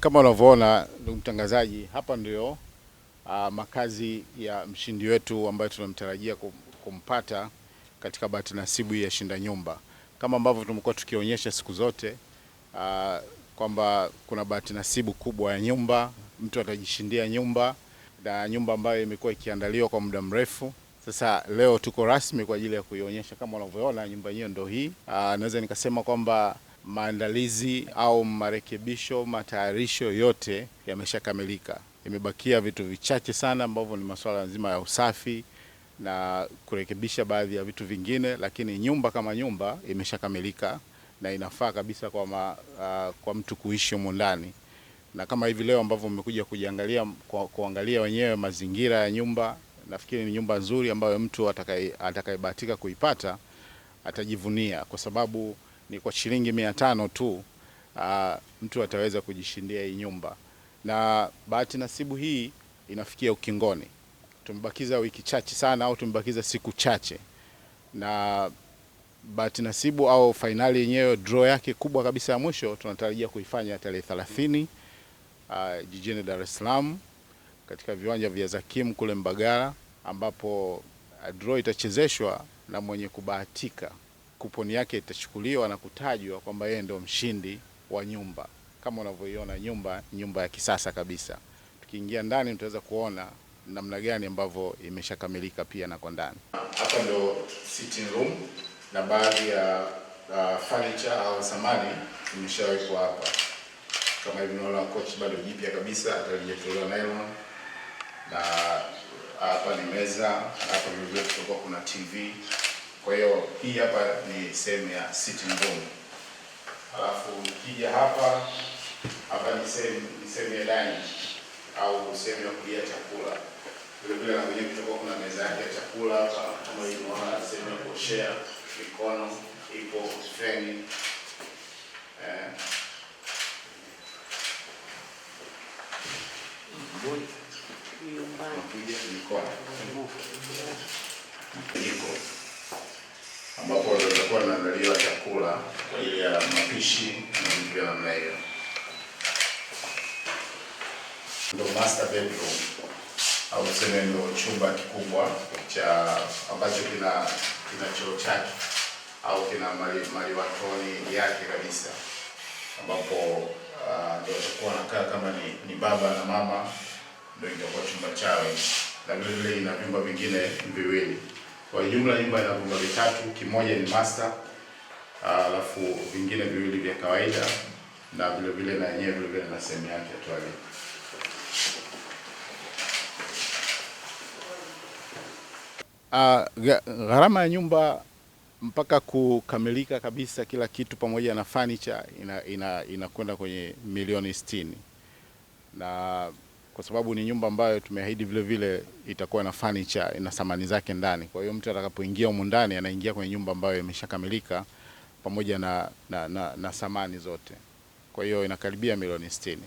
Kama unavyoona ndugu mtangazaji, hapa ndio uh, makazi ya mshindi wetu ambayo tunamtarajia kumpata katika bahati nasibu ya Shinda Nyumba, kama ambavyo tumekuwa tukionyesha siku zote uh, kwamba kuna bahati nasibu kubwa ya nyumba, mtu atajishindia nyumba na nyumba ambayo imekuwa ikiandaliwa kwa muda mrefu. Sasa leo tuko rasmi kwa ajili ya kuionyesha, kama unavyoona nyumba yenyewe ndo hii. Ah, naweza nikasema kwamba maandalizi au marekebisho, matayarisho yote yameshakamilika. Imebakia vitu vichache sana ambavyo ni masuala nzima ya usafi na kurekebisha baadhi ya vitu vingine, lakini nyumba kama nyumba imeshakamilika na inafaa kabisa kwa, ma, uh, kwa mtu kuishi humo ndani, na kama hivi leo ambavyo mmekuja kujiangalia kuangalia wenyewe mazingira ya nyumba nafikiri ni nyumba nzuri ambayo mtu atakayebahatika kuipata atajivunia, kwa sababu ni kwa shilingi mia tano tu a, ah, mtu ataweza kujishindia hii nyumba, na bahati nasibu hii inafikia ukingoni. Tumebakiza wiki chache sana, au tumebakiza siku chache, na bahati nasibu au fainali yenyewe draw yake kubwa kabisa ya mwisho tunatarajia kuifanya tarehe thelathini ah, jijini Dar es Salaam katika viwanja vya Zakim kule Mbagala ambapo uh, draw itachezeshwa na mwenye kubahatika kuponi yake itachukuliwa na kutajwa kwamba yeye ndio mshindi wa nyumba. Kama unavyoiona nyumba, nyumba ya kisasa kabisa. Tukiingia ndani, mtaweza kuona namna gani ambavyo imeshakamilika pia na kwa ndani. Hapa ndio sitting room na baadhi ya uh, furniture au samani zimeshawekwa hapa, kama hivi unaona kochi bado jipya kabisa, atalijetolewa nylon na hapa ni meza, hapa vile tutakuwa kuna TV. Kwa hiyo hii hapa ni sehemu ya sitting room, alafu ukija hapa, hapa ni sehemu ni sehemu ya dining au sehemu ya kulia chakula. Vile vile na kwenye kutakuwa kuna meza yake ya chakula hapa, kama ilivyoona, sehemu ya kuoshea mikono ipo, feni kuja mikoa iko ambapo tutakuwa naandaliwa chakula kwa ajili ya mapishi na namna hiyo, Ndo master bedroom au tuseme ndo chumba kikubwa cha ambacho kina kina choo chake au kina mali mali watoni yake kabisa, ambapo ah, ndo uh, atakuwa anakaa kama ni, ni baba na mama ndio itakuwa chumba chawe, na vile vile ina vyumba vingine viwili. Kwa jumla nyumba ina vyumba vitatu, kimoja ni master, alafu vingine viwili vya kawaida, na vile vile na yenyewe vile vile na sehemu yake ya toilet. Uh, gharama ya nyumba mpaka kukamilika kabisa kila kitu pamoja na furniture inakwenda ina, ina kwenye milioni sitini na kwa sababu ni nyumba ambayo tumeahidi vile vile itakuwa na furniture ina samani zake ndani. Kwa hiyo mtu atakapoingia humu ndani anaingia kwenye nyumba ambayo imeshakamilika pamoja na, na, na, na samani zote. Kwa hiyo inakaribia milioni sitini.